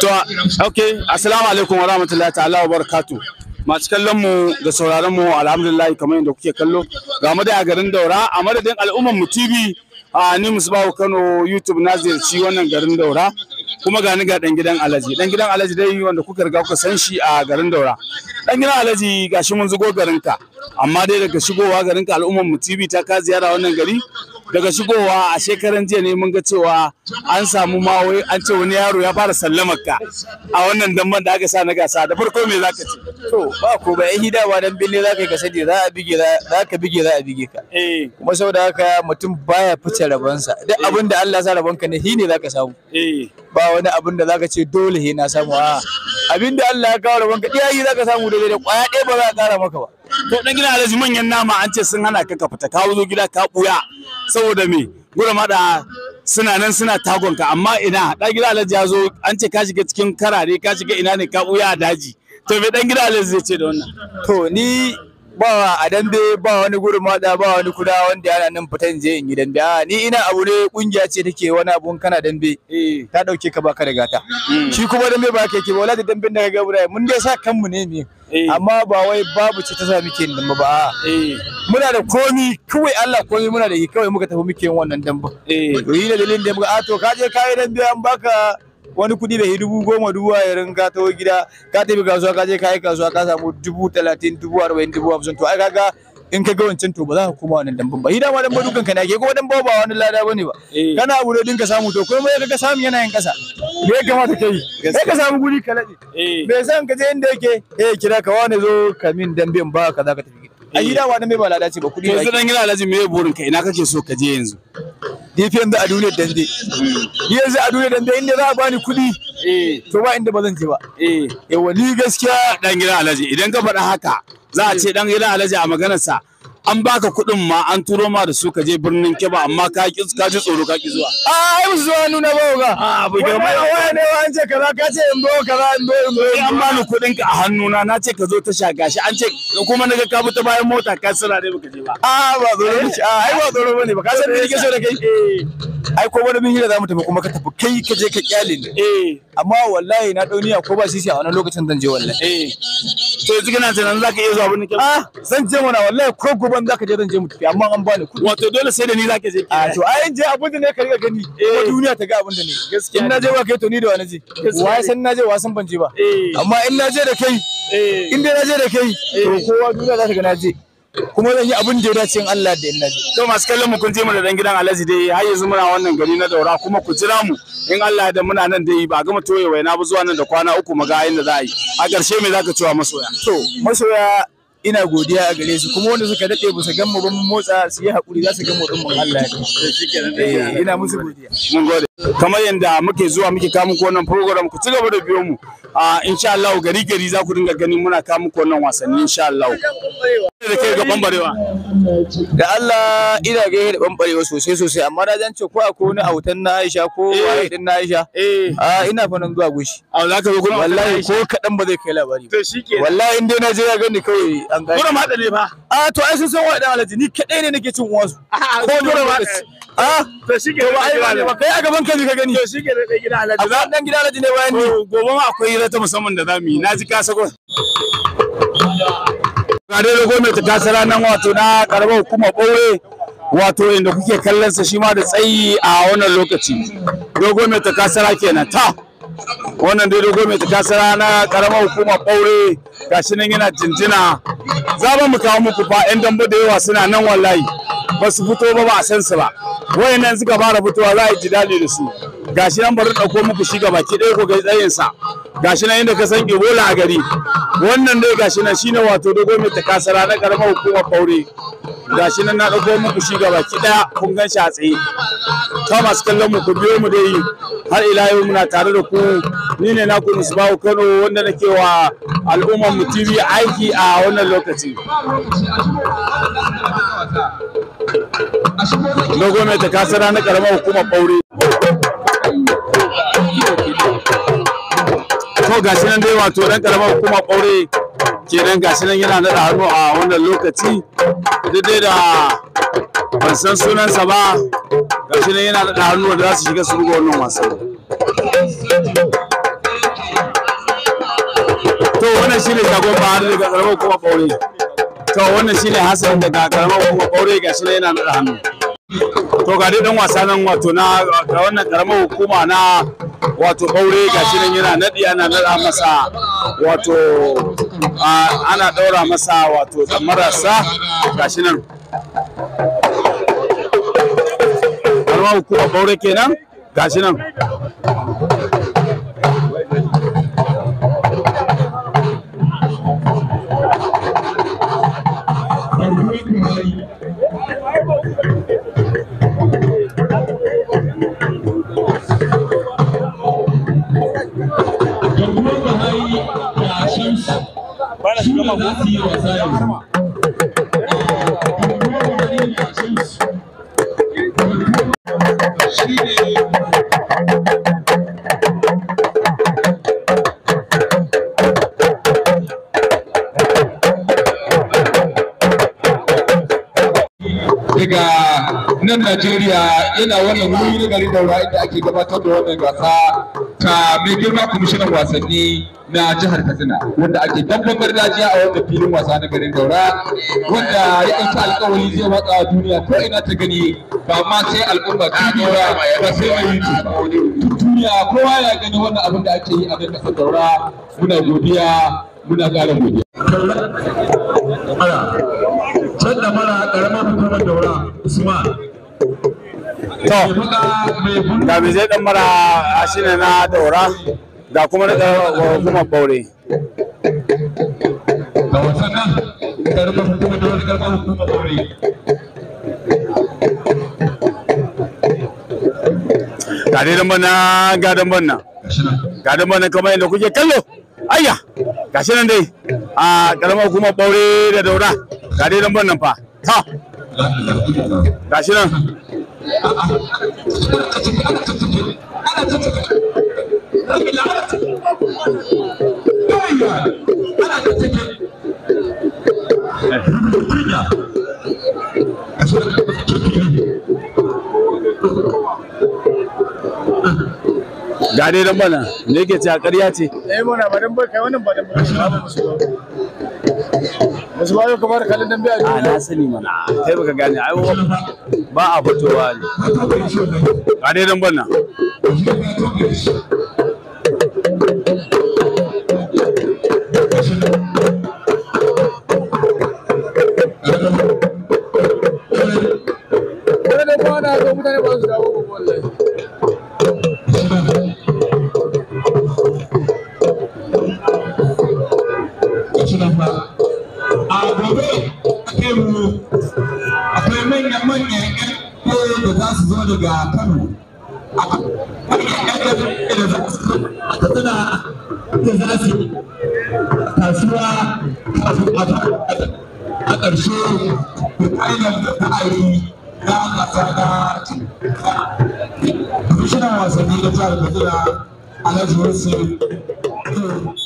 to okay assalamu alaikum wa rahmatullahi ta'ala wa barakatuh masu kallon mu da sauraron mu alhamdulillah kamar yadda kuke kallo ga madai a garin Daura a madadin al'umman mu TV a ni Musbahu Kano YouTube na ziyarci wannan garin Daura kuma ga ni ga dan gidan Alhaji dan gidan Alhaji dai wanda kuka riga kuka san shi a garin Daura dan gidan Alhaji gashi mun zugo garin amma dai daga shigowa garin al'umman mu TV ta ka ziyara wannan gari daga shigowa a shekaran jiya ne mun ga cewa an samu mawai an ce wani yaro ya fara sallamar ka a wannan damban da aka sa na gasa da farko me zaka ce to ba ko ba eh dawa dan bille zaka ka sai za a bige za ka bige za a bige ka eh kuma saboda haka mutum baya fice rabonsa. duk eh. abin da Allah ya sa ka ne shine ne zaka samu eh ba wani abin da zaka ce dole he na samu a abin da Allah ya kawo rabanka iya yi zaka samu dole da kwaya ɗaya ba za a kara maka ba to dan gida alhaji manyan nama an ce sun hana ka ka fita ka zo gida ka buya saboda me gura mada suna nan suna tagon ka amma ina da gida alhaji ya zo an ce ka shiga cikin karare ka shiga ina ne ka buya a daji to me dan gida alhaji zai ce da wannan to ni ba a dambe ba wani gurin mada ba wani kuda wanda yana nan fita fitan je in yi dambe a ni ina abu ne kungiya ce take wani abun kana dambe eh. ta dauke ka baka da gata mm. shi kuma dambe ba ke ba wala da dambe da ga burai mun dai sa kanmu ne mi eh. amma ba wai babu ce ta sa muke nan ba ba eh. muna da komi kawai Allah komi muna da shi kawai muka tafi muke wannan dambe to yi dalilin da muka a to ka je kai dambe an baka wani kuɗi bai dubu goma dubu ayarin ka taho gida ka tafi kasuwa ka je ka yi kasuwa ka samu dubu talatin dubu arba'in dubu hamsin to ai kaga in ka ga wancan to ba za ka koma wannan dambun ba shi dama dan dukkan ka ne ake kuma dan ba ba wani lada bane ba eh. kana abu da dinka samu to kuma kaga samu yana yin kasa me ya kamata kai sai ka samu guri ka lade eh. me san ka je inda yake eh kira ka wani zo ka min damben ba ka za ka tafi gida a shi eh. dama dan bai ba lada ce ba kuɗi ba yanzu dan gina alhaji me burin ka ina kake so ka je yanzu da ya fi yanzu a duniyar dande ni yanzu a duniyar dande inda za a bani kuɗi eh. to ba inda ba zan je ba eh. yawa ni gaskiya dan gidan alhaji idan ka faɗa haka za a ce dan gidan alhaji a maganarsa an baka kuɗin ma an turo ma da su ka je birnin keba amma ka ki ka ji tsoro ka ki zuwa a ai musu zuwa nuna ba ga a abu ga mai waya ne an ce kaza ka ce in do kaza in do in do eh, an amma ni kuɗin ka a hannuna na ce ka zo ta shaga shi an ce kuma naga ka bi ta bayan mota ka sira ne baka je ba a ba ne a ai ba zo ne ba ka san me yake so da kai eh. ai ko wani mun hira zamu tafi kuma ka tafi kai ka je ka kyale ni eh amma wallahi na dauniya ko ba sisi a wannan lokacin zan je wallahi eh to yanzu kana tunanin zaka iya zuwa birnin Kebbi ah zan je mana wallahi ko goban zaka je zan je mu tafi amma an bani kudi wato dole sai da ni zaka je ah to ai je abunda ne ka riga gani ko eh. duniya ta ga abunda ne gaskiya in na je ba kai to ni da wani je wai san na je wa san ban je ba eh. amma in na je da kai eh. in dai na je da kai to kowa duniya za ta ga na je kuma zan yi abin da ya dace in Allah da Allah to masu kallon mu kun je mu da dan gidan Alhaji dai har yanzu muna wannan gari na Daura kuma ku jira mu in Allah da muna nan dai ba gama toye na bu zuwa nan da kwana uku mu ga inda za a yi a ƙarshe me zaka cewa masoya to masoya ina godiya a gare su kuma wanda suka dade bu su gamu mun motsa su yi hakuri za su gamu din mun Allah ya eh, ina musu godiya mun gode kamar yanda muke zuwa muke kamun ko wannan program ku ci gaba da biyo mu ah, insha Allah gari gari za ku dinga gani muna kamun ko wannan wasanni insha Allah da ke ga bambarewa da Allah ina ga da bambarewa sosai sosai amma da zance ce ko akwai a wutan na Aisha ko eh. wai na Aisha eh. a ina fa nan zuwa gushi a za ka zo kuma wallahi ko kadan ba zai kai labari to shikenan wallahi in dai na je ya gani kawai an gani kuma madale ba a to ai sun san wai dan alaji ni kadai ne nake cin wasu ah, ko dole ba a to shike ba ai ba kai a gaban ka ne ka gani to shike da gida alaji dan gida alaji ne bayan ni gobe ma akwai rata ta musamman da zamu yi na ji ka sako Gare da gwamnati ta tasa nan wato na karamar hukumar ɓaure wato inda kuke kallon sa shi ma da tsayi a wannan lokaci. Dogo mai takasara kenan ta. Wannan dai dogo mai takasara na karamar hukumar ɓaure gashi nan yana jinjina. Za mu kawo muku fa 'yan dambe da yawa suna nan wallahi. Ba su fito ba ba a san su ba. Wayannan suka fara fitowa za a ji daɗi da su. Gashi nan bari ɗauko muku shi ga baki ɗaya ko ga tsayinsa. gashi nan inda ka san Ebola a gari wannan dai gashi nan shine wato dogo mai kasara na karamar hukumar Baure gashi nan na dauko muku shi gaba ki daya kun gan shi a tsaye thomas kallon mu ku biyo mu dai har ila yau muna tare da ku ni ne naku Musbahu Kano wanda nake wa al'ummar mu TV aiki a wannan lokaci dogo mai kasara na karamar hukumar Baure to gashi nan dai wato dan karamar hukuma ɓaure kenan gashi nan yana nada hannu a wannan lokaci duk dai da ban san sunansa ba gashi nan yana nada hannu da za su shiga su buga wannan wasan to wannan shine shagon bahar daga karamar hukuma kore to wannan shine hassan daga karamar hukuma ga gashi nan yana nada hannu to ga dai dan wasa nan wato na wannan karamar hukuma na wato ga shi nan yana nadi ana nada masa wato ana daura masa wato da ga shi nan karma hukumar ɓaure kenan ga shi nan Thank you. Allah za su yi wasa daga nan Najeriya yana wannan wuri gari da Daura inda ake gabatar da wannan gasa ta mai girma kwamishinan wasanni na jihar katsina wanda ake dabban gargajiya a wanda filin wasa na garin daura wanda ya ɗauki alkawari zai watsa a duniya ko ina ta gani ba ma sai al'umma ta ba ba sai a youtube duniya kowa ya gani wannan abin da ake yi a nan kasar daura muna godiya muna ƙara godiya. Can da mara ƙaramar hukumar daura Usman to ga zai dan mara shine na daura ga kuma na hukumar baure ga wasan nan baure ga dai bana ga dan bana ga dan bana kamar yadda kuke kallo ayya ga shi nan dai a karamar hukumar baure da daura ga dai dan bana fa ha ga shi nan ga dai dan bana da yake ce a ƙarya ce eh mana ba dan ba kai wannan ba dan ba wasu ba yau kamar kalin dan biya a na sani mana kai baka gane ai ba a fitowa ne a dai dan banna Thank you. a gobe akwai manyan manyan yan da za su zo daga kano da za su tattuna da za su kasuwa a ƙarshe da ƙayyar da ta yi na ƙasa ta kwamishinan wasanni na jihar kaduna alhaji wasu